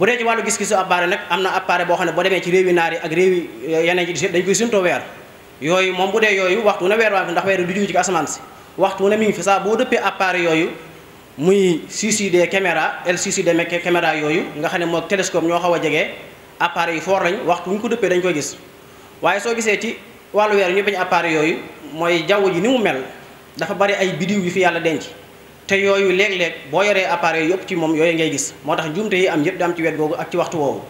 bu dee ci wàllu gis-gisu appareil nag am na appareil boo xam ne boo demee ci réewi naar yi ak réewi eh, yeneen ci dañ koy suntoo weer yooyu moom bu dee yooyu waxtu na weer waa fi ndax weer du jóge ci asamaan si waxtu na mi ngi fi saa boo dëppee appareil yooyu muy CCD caméra LCCD caméra yooyu nga xam ne mooy télescope ñoo xaw a jege appareil yi foor lañ waxtu ñu ko dëppee dañ koy gis waaye soo gisee ci wàllu weer ñu bañ appareil yooyu mooy jaww ji ni mu mel dafa bari ay bidiw yu fi yàlla denc te yooyu léeg-léeg boo yoree appareil yëpp ci moom yooyu ngay gis moo tax njuumte yi am yëpp di am ci wet googu ak ci waxtu woowu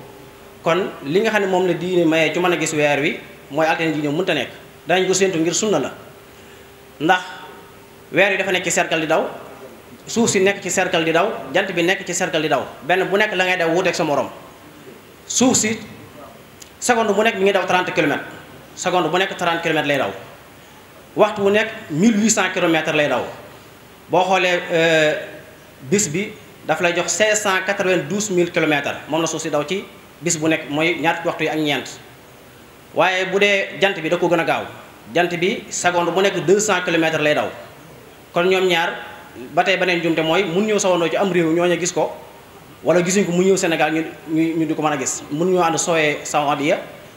kon li nga xam ne moom la diine mayee ci mën a gis weer wi mooy altine ji ñëw mënta nekk danañ ko séntu ngir sunna la ndax weer wi dafa nekk ci cercle di daw suuf si nekk ci cercle di daw jant bi nekk ci cercle di daw benn bu nekk la ngay daw wuuteeg sa morom suuf si seconde bu nekk mi ngi daw 30 kilomètres seconde bu nekk 30 kilomètres lay daw waxtu bu nekk 1800 kilomètres lay daw boo xoolee euh, bis bi daf lay jox cinq cent quatre vingt mille kilomètres moom na soo si daw ci bis bu nekk mooy ñaar waxtu yi ak ñeent waaye bu dee jant bi da ko gën a gaaw jant bi seconde bu nekk deux cent kilomètres lay daw kon ñoom ñaar ba tey beneen jumte mooy mun ñëw sowandoo ci am réew ñooñu gis ko wala gisuñ ko mu ñëw Sénégal ñu ñu di ko mën a gis mun ñoo ànd soowee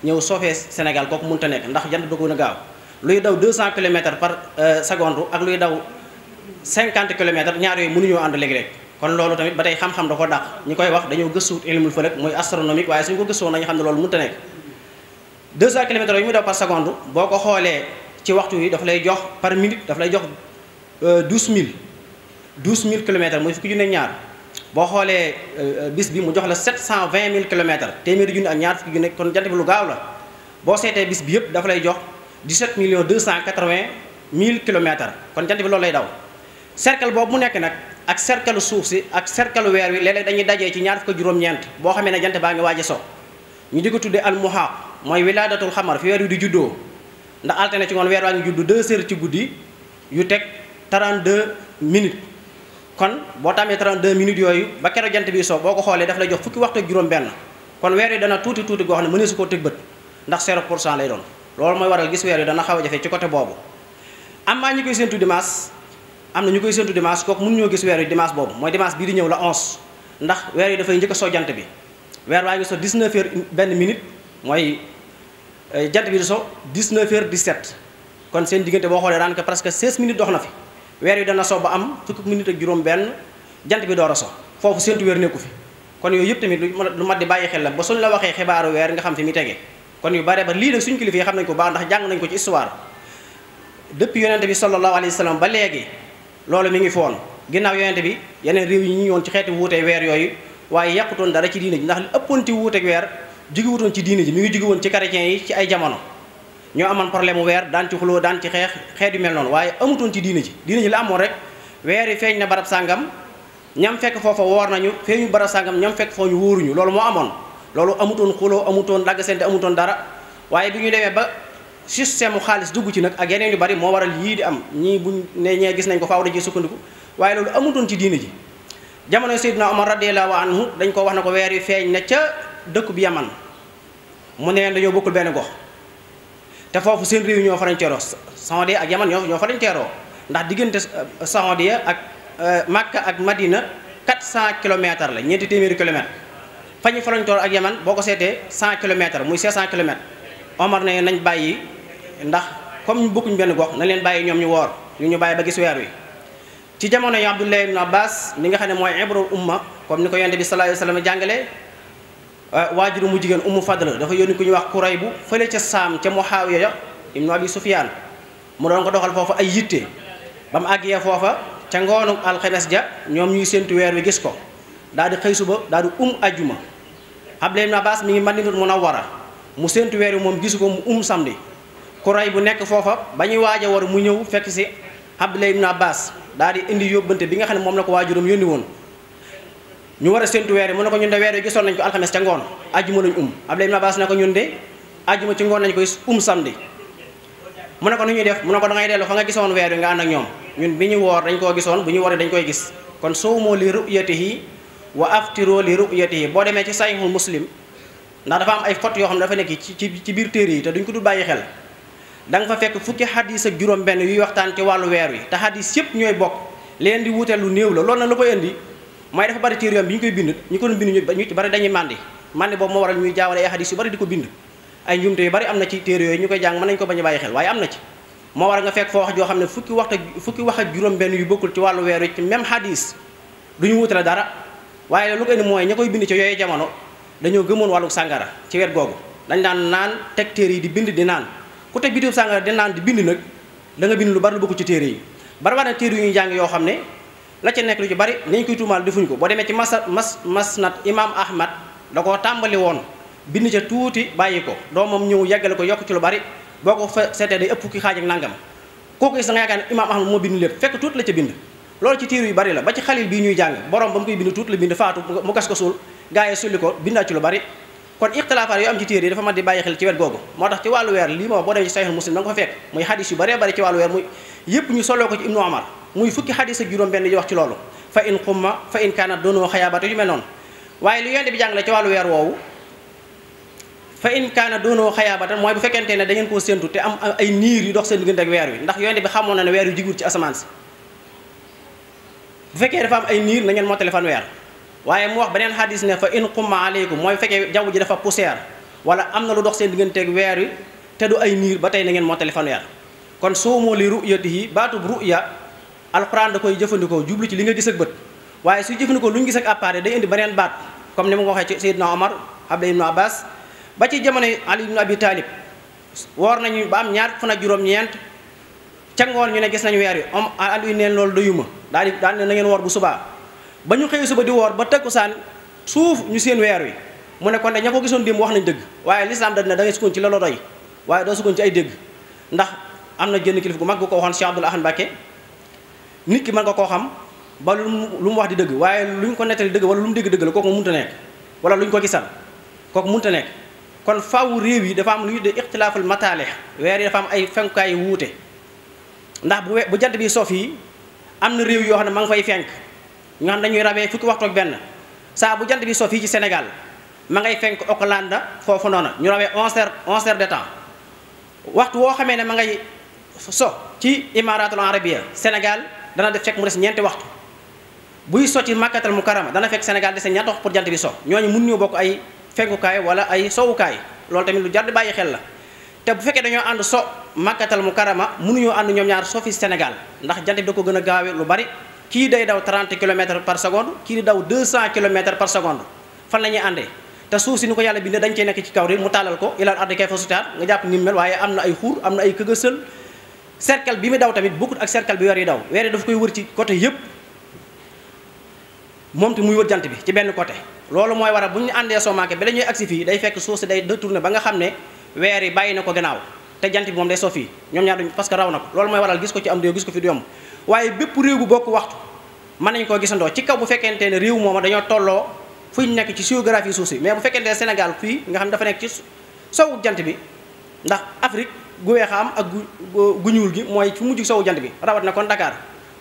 ñëw soofee Sénégal kooku mënut a nekk ndax jant bi da ko gën a gaaw luy daw deux cent kilomètres par euh, seconde ak luy daw cinquante kilomètres ñaar yooyu mënuñoo ànd léeg-léeg kon loolu tamit ba tey xam-xam da ko dàq ñi koy wax dañoo gëstuwut ilmul falak mooy astronomique waaye suñu ko gëstoo nañu xam ne loolu mënta nekk deux cent kilomètres yi mu daw par seconde boo ko xoolee ci waxtu yi daf lay jox par minute daf lay jox euh, douze mille douze mille kilomètres mooy fukki junne ñaar boo xoolee euh, bis bi mu jox la sept cent vingt mille kilomètres téeméeri junne ak ñaar fukki junne kon jant bi lu gaaw la boo seetee bis bi yëpp dafa lay jox dix-sept millions deux cent quatre-vingt mille kilomètres kon jant bi loolu lay daw cercle boobu mu nekk nag ak cercle suuf si ak cercle weer wi léeg-léeg dañuy dajee ci ñaar fukk juróom-ñeent boo xamee ne jant baa ngi waaj a so ñu di ko tuddee al muhaaq mooy wilaadatul xamar fi weer wi di juddoo ndax altine ci ngoon weer waa ngi juddu 2 ser ci guddi yu teg 32 minutes kon boo tàmmee 32 minutes yooyu ba keroog jant bi so boo ko xoolee daf lay jox fukki waxtu ak juróom-benn kon weer wi dana tuuti tuuti goo xam ne mënee su bët ndax 0 pour cent lay doon loolu mooy waral gis weer wi dana xaw a jafe ci côté boobu am maa am na ñu koy séntu dimanche kooku mën ñoo gis weer yi dimanche boobu mooy dimanche bii di ñëw la 11 ndax weer yi dafay njëkk a jant bi weer waa ngi so 19 heures benn minute mooy eh, jant bi di so 19 heures 17 kon seen diggante boo xoolee parce que 16 minutes dox na fi weer yi dana so ba am fukki minute ak juróom benn jant bi door a so foofu séntu weer nekku fi kon yooyu yëpp tamit lu mat di bàyyi xel la ba suñ la waxee xibaaru weer nga xam fi mu tegee kon yu bare ba lii nag suñu kilifa ko baax ndax jàng nañ ko ci histoire depuis yonente bi sallallahu alayhi wa sallam ba léegi loolu mi ngi foon ginnaaw yonente bi yeneen réew yi ñu yoon ci xeeti wuute weer yooyu waaye yàqutoon dara ci diine ji ndax li ëppoon ci wuuteeg weer jugiwutoon ci diine ji mi ngi jugi woon ci chrétiens yi ci ay jamono ñoo amoon problème mu weer daan ci xuloo daan ci xeex xeet yu mel noonu waaye amutoon ci diine ji diine ji la amoon rek weer yi feeñ na barab sàngam ñam fekk foofa woor nañu feeñu barab sàngam ñam fekk foofu ñu wóoruñu loolu moo amoon loolu amutoon xuloo dagg sente amutoon dara système mu xaalis dugg ci nag ak yeneen yu bari moo waral yii di am ñii buñ ñee gis nañ ko faaw dañ ci sukkandiku waaye loolu amutoon ci diine ji jamono Seydina Omar radiyallahu anhu dañ ko wax na ko weer yu feeñ na ca dëkk bi Yaman mu ne leen dañoo bokkul benn gox te foofu seen réew ñoo fa lañ teeroo Saoudia ak Yaman ñoo ñoo fa lañ teeroo ndax diggante euh, Saoudia ak euh, Makka ak Madina 400 kilomètres la ñeenti téeméeri kilomètres fa ñu fa ak Yaman boo ko seetee 100 kilomètres muy 500 kilomètres. Omar ne nañ bàyyi ndax comme ñu bokkuñ benn gox na leen bàyyi ñoom ñu woor ñu ñu bàyyi ba gis weer wi ci jamono yi Abdullah ibn Abbas mi nga xam ne mooy ibrul umma comme ni ko yonent bi sallallahu alayhi wasallam jàngale euh, waajuru mu jigéen Ummu Fadl dafa yónni ku ñuy wax Kuray bu fële ca Saam ca Muhaawiya ya ibnu Abi Sufyaan mu doon ko doxal foofa ay yitte ba mu àggee foofa ca ngoonu alxemes ja ñoom ñuy séntu weer wi gis ko daal di xëy suba daal di um ajjuma Abdullah ibn Abbas mi ngi Madinatul Munawwara mu séntu weer wi moom gisu ko mu um samedi kuray bu nekk foofa ba ñuy waaj a war mu ñëw fekk si Abdullah ibn Abbas daal di indi yóbbante bi nga xam ne moom la ko waajuram yónni woon ñu war a séntu weer wi mu ne ko ñun de weer wi gisoon nañ ko alxames ca ngoon ajjuma lañ um Abdullah ibn Abbas ne ko ñun de ajjuma ci ngoon nañ ko um samedi mu ne ko nu ñuy def mun ne ko da ngay dellu fa nga gisoon weer wi nga ànd ak ñoom ñun bi ñu woor dañ koo gisoon bu ñu wooree dañ koy gis kon soo moo li ru'yatihi wa aftiroo li ru'yatihi boo demee ci sahihul muslim ndax dafa am ay fautes yoo xam ne dafa nekk ci ci biir téere yi te duñ ko du bàyyi xel da nga fa fekk fukki xadis ak juróom-benn yuy waxtaan ci wàllu weer wi te xadis yëpp ñooy bokk leen di lu néew la loolu nag lu koy indi mooy dafa bari téere ñu koy bind ñu ko doon bind ñu ci bari dañuy màndi màndi boobu moo waral ñuy jaawale bind ay njumte yu bari am na ci yooyu ñu koy jàng mën ko bañ a bàyyi xel waaye am na ci moo waral xam ne fukki waxta ak juróom-benn yu bokkul ci wàllu weer wi ci même xadis duñu wuute la dara waaye lu ko indi mooy ña koy bind ci yooyu jamono dañoo gëmoon wàllu sàngara ci wet googu dañ daan naan teg téere yi di bind di naan ku teg bidéew sàngara di naan di bind nag da nga bind lu bari lu bokk ci téere yi bari waa ne téere yu ñuy jàng yoo xam ne la ca nekk lu ci bari nañ koy tuumaal defuñ ko boo demee ci mas mas masnad imam ahmad da koo tàmbali woon bind ca tuuti bàyyi ko doomam ñëw yeggale ko yokk ci lu bari boo ko fa seetee day ëpp ki xaaj ak kooku is da yaakaar ne imam ahmad moo bind lépp fekk tuuti la ca bind loolu ci téere yu bari la ba ci xalil bii ñuy jàng borom ba mu gaa yi sulli ko bindaa ci lu bari kon ixtilaafaat yu am ci téere yi dafa ma di bàyyi xel ci wet googu moo tax ci wàllu weer lii moo boo demee ci sahih muslim da nga ko fa fekk muy xadis yu baree bari ci wàllu weer muy yépp ñu soloo ko ci ibnu omar muy fukki xadis ak juróom benn di wax ci loolu fa in xumma fa in kaana doono xayaabata yu mel noonu waaye lu yonent bi jàngale ci wàllu weer woowu fa in kaana doonoo xayaabata mooy bu fekkente ne da ngeen koo séntu te am ay niir yu dox seen diggante wi ndax yonent bi xamoon na weer yu jigul ci asamaan si bu fekkee dafa am ay niir na ngeen mottali fan waaye mu wax beneen xadis ne fa in qumma aleykum mooy fekkee jaww ji dafa poussière wala am na lu dox seen digganteeg weer wi te du ay niir ba tey na ngeen moo téléphone weer kon soomoo li ruyatihi baatub ruya alquran da koy jëfandikoo jublu ci li nga gis ak bët waaye su jëfandikoo lu ñu gis ak appareil day indi beneen baat comme ni ma ko waxee ci Seydina Omar Abdullah ibnu Abbas ba ci jamono Ali ibnu Abi Talib woor nañu ba am ñaar fan ak juróom-ñeent ngoon ñu ne gis nañu weer wi om Aliou neen loolu doyuma daal di daal ne na ngeen woor bu subaa ba ñu xëyee suba di woor ba takkusaan suuf ñu seen weer wi mu ne kon de ña ko gisoon démb wax nañ dëgg waaye lislaam da ne da ngay sukkoon ci la la doy waaye doo sukkoon ci ay dégg ndax am na jënn kilifa gu mag bu ko waxoon Cheikh Abdoul Ahad Mbacké nit ki mën nga koo xam ba lu mu wax di dëgg waaye lu luñ ko nettali dëgg wala lu mu dégg dëgg la kooku mënta nekk wala luñ ko gisal kooku mënta nekk kon faaw réew yi dafa am lu ñuy de ixtilaaful mataale weer yi dafa am ay fenkukaay yu wuute ndax bu bu jant bi soof yi am na réew yoo xam ne ma nga fay fenk nga xam dañuy rabee fukki waxtook benn saa bu jant bi so fii ci Sénégal ma ngay fenk Auckland foofu noonu ñu rawee onze heures onze heures de temps waxtu woo xamee ne ma ngay so ci Imaratul Arabia Sénégal dana def fekk mu des ñeenti waxtu buy so ci Makkatal Mukarrama dana fekk Sénégal des ñetti waxtu pour jant bi so ñooñu mun ñu bokk ay fenkukaay wala ay sowukaay loolu tamit lu jar bàyyi xel la te bu fekkee dañoo ànd so Makkatal mu mënuñoo ànd ñoom ñaar so fi ndax jant bi ko gën a gaawe lu bari kii day daw 30 kilomètres par seconde kii di daw 200 kilomètres par seconde fan la ñuy àndee te suuf si ni ko yàlla bi bindee dañ cee nekk ci kaw rek mu taalal ko ilal ardi kayfa sutihat nga jàpp ni mel waaye am na ay xuur am na ay këgësël cercle bi muy daw tamit bokkut ak cercle bi weer yi daw weer yi dafa koy wër ci côté yëpp moom te muy wër jant bi ci benn côté loolu mooy waral bu ñu àndee soo manqué ba la ñuy agsi fii day fekk suuf si day détourné ba nga xam ne weer yi bàyyi na ko gannaaw te jant bi moom day soof fii ñoom ñaar duñ parce que raw na ko loolu mooy waral gis ko ci am réew gis ko fi du yomb waaye bépp réew bu bokk waxtu mën nañ koo gisandoo ci kaw bu fekkente ne réew mooma dañoo tolloo fu ñu nekk ci géographie suuf mais bu fekkente ne Sénégal nga xam ne dafa nekk ci jant bi ndax Afrique gu weex a ak gu ñuul gi mooy fu mujj sowu jant bi rawat na kon Dakar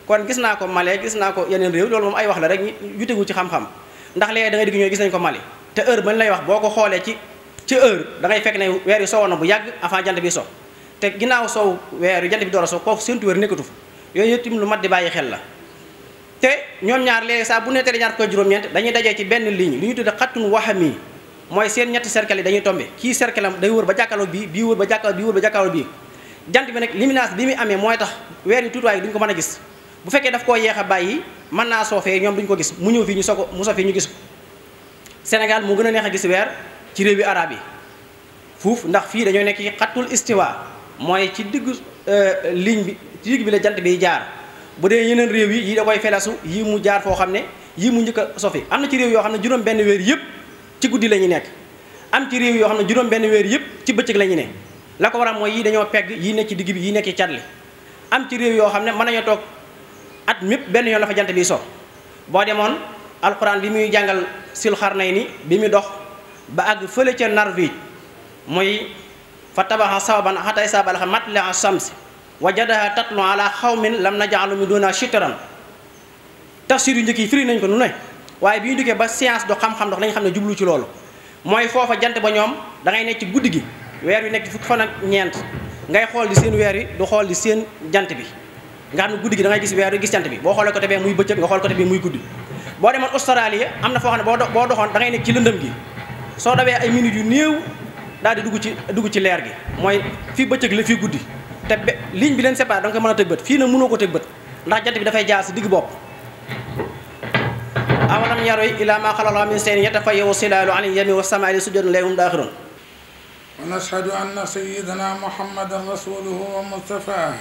kon gis naa ko Mali gis naa ko yeneen réew loolu moom ay wax la rek yu tegu ci xam-xam ndax léegi da ngay digg ñooy gis nañ ko Mali te heure bañ lay wax boo ko xoolee ci ci heure da fekk ne weer yu soowoon na bu yàgg avant jant bi so te ginnaaw soow weer yu jant bi door a so kooku séntu weer nekkatu fa yooyu yëpp lu mat di bàyyi xel la te ñoom ñaar léegi saa bu nettali ñaar ko juróom-ñeent dañuy dajee ci benn ligne li ñu tudde xattun waxami mooy seen ñetti cercle yi dañuy tombe kii cercle am day wër ba jàkkaarloo bii bii wër ba jàkkaarloo bii wër ba jàkkaarloo bii jant bi nag luminance bi muy amee mooy tax weer yu tuutiwaay yi duñ ko mën a gis bu fekkee daf koo yeex a bàyyi mën naa soofee ñoom duñ ko gis mu ñëw fii ñu soo ko mu soo fii ñu gis ko Sénégal moo gën a neex a gis weer ci réew yi araab yi fuuf ndax fii dañoo nekk ci xattul istiwa mooy ci diggu euh, ligne bi ci digg bi la jant bi jaar bu dee yeneen réew yi yi da koy felasu yi mu jaar foo xam ne yi mu njëkk a sofi am na ci réew yoo xam ne juróom benn weer yëpp ci guddi la nekk am ci réew yoo xam ne juróom benn weer yëpp ci bëccëg la ñu ne la ko waral mooy yi dañoo pegg yi nekk ci digg bi yi nekk ci cat am ci réew yoo xam ne mën nañoo toog at mépp benn yoon la jant bi so boo demoon alxuraan bi muy jàngal sil xarnay ni bi muy dox ba àgg fële ca Norvège muy fa tabaxa sawaban xatay saabal xa matla samsi wajadaha tatlu ala xawmin lam najaalu mi doona shitran tafsir yu njëkk yi firi nañ ko nu ne waaye bi ñu dikkee ba science do xam-xam ndox lañ xam ne jublu ci loolu mooy foofa jant ba ñoom da ngay nekk ci guddi gi weer wi nekk ci fukki fan ak ñeent ngay xool di seen weer wi du xool di seen jant bi nga xam ne guddi gi da ngay gis weer wi gis jant bi boo xoolee côté bee muy bëccëg nga xool côté bii muy guddi boo demoon Australie am na foo xam ne boo doxoon da ngay nekk ci lëndëm gi soo dawee ay minutes yu néew daal di dugg ci dugg ci leer gi mooy fii bëccëg la fii guddi te be ligne bi leen séparé da nga koy mën a tëg bët fii nag mënoo ko tëg bët ndax jant bi dafay jaar si digg bopp awalam yaro ila ma xalala min seen yatafayyaw silaalu an yami wa samaali sujjadun lahum daaxirun wa nashhadu anna sayyidana muhammadan rasuluhu wa mustafa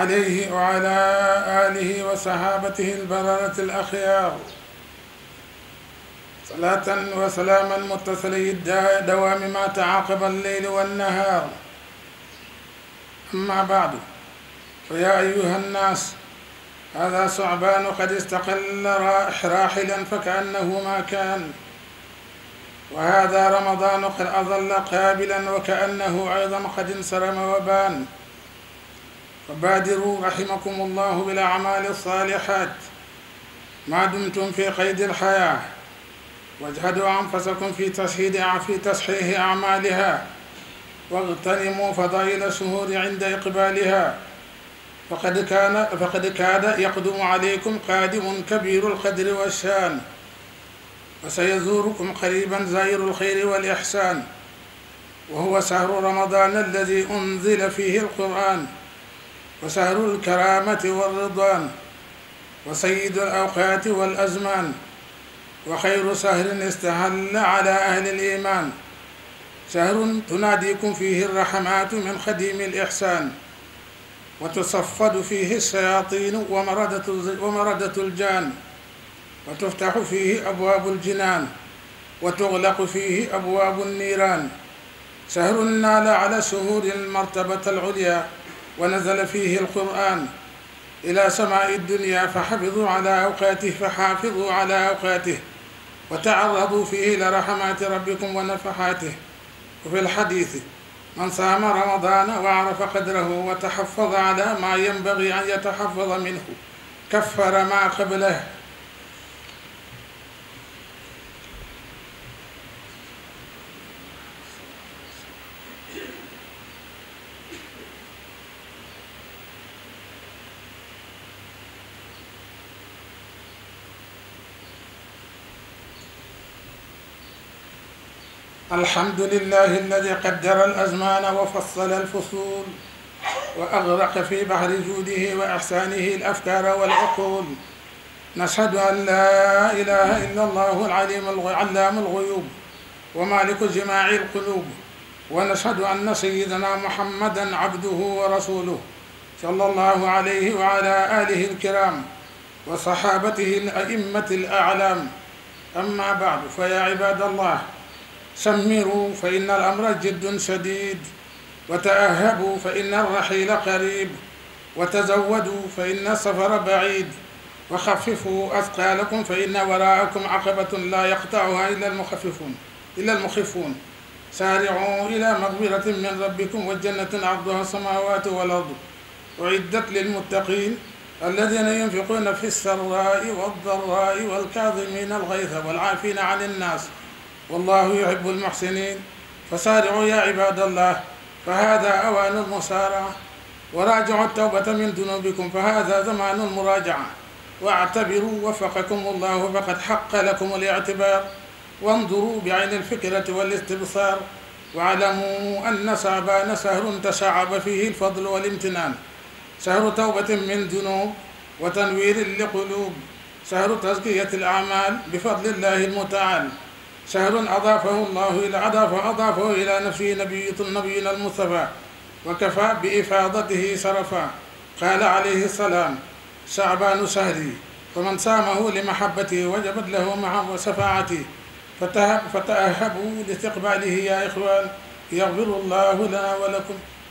alayhi wa ala alihi wa sahabatihi albararati al axyaar صلاة وسلاما متصلي الدوام ما تعاقب الليل والنهار أما بعد فيا أيها الناس هذا ثعبان قد استقل راحلا فكأنه ما كان وهذا رمضان قد أظل قابلا وكأنه أيضا قد انصرم وبان فبادروا رحمكم الله بالأعمال الصالحات ما دمتم في قيد الحياة واجهدوا أنفسكم في تسهيل في تصحيح أعمالها واغتنموا فضائل الشهور عند إقبالها فقد كان فقد كاد يقدم عليكم قادم كبير القدر والشان وسيزوركم قريبا زائر الخير والإحسان وهو شهر رمضان الذي أنزل فيه القرآن وشهر الكرامة والرضوان وسيد الأوقات والأزمان وخير شهر استهل على أهل الإيمان شهر تناديكم فيه الرحمات من خديم الإحسان وتصفد فيه الشياطين ومردة, ومردة الجان وتفتح فيه أبواب الجنان وتغلق فيه أبواب النيران شهر نال على شهور المرتبة العليا ونزل فيه القرآن إلى سماء الدنيا فحفظوا على أوقاته فحافظوا على أوقاته وتعرضوا فيه لرحمات ربكم ونفحاته وفي الحديث من صام رمضان وعرف قدره وتحفظ على ما ينبغي أن يتحفظ منه كفر ما قبله الحمد لله الذي قدر الأزمان وفصل الفصول وأغرق في بحر جوده وإحسانه الأفكار والعقول نشهد أن لا إله إلا الله العليم علام الغيوب ومالك جماع القلوب ونشهد أن سيدنا محمدا عبده ورسوله صلى الله عليه وعلى آله الكرام وصحابته الأئمة الأعلام أما بعد فيا عباد الله سمروا فإن الأمر جد شديد وتأهبوا فإن الرحيل قريب وتزودوا فإن السفر بعيد وخففوا أثقالكم فإن وراءكم عقبة لا يقطعها إلا المخففون إلا المخفون سارعوا إلى مغفرة من ربكم وجنة عرضها السماوات والأرض أعدت للمتقين الذين ينفقون في السراء والضراء والكاظمين الغيث والعافين عن الناس والله يحب المحسنين فسارعوا يا عباد الله فهذا أوان المسارعة وراجعوا التوبة من ذنوبكم فهذا زمان المراجعة واعتبروا وفقكم الله فقد حق لكم الاعتبار وانظروا بعين الفكرة والاستبصار واعلموا أن شعبان شهر تشعب فيه الفضل والامتنان شهر توبة من ذنوب وتنوير لقلوب شهر تزكية الأعمال بفضل الله المتعال شهرا أضافه الله إلى أضافه أضافه إلى نفسه نبي نبينا المصطفى وكفى بإفاضته شرفا قال عليه السلام شعبان شهري ومن سامه لمحبته وجبت له معه شفاعتي فتأهبوا لاستقباله يا إخوان يغفر الله لنا ولكم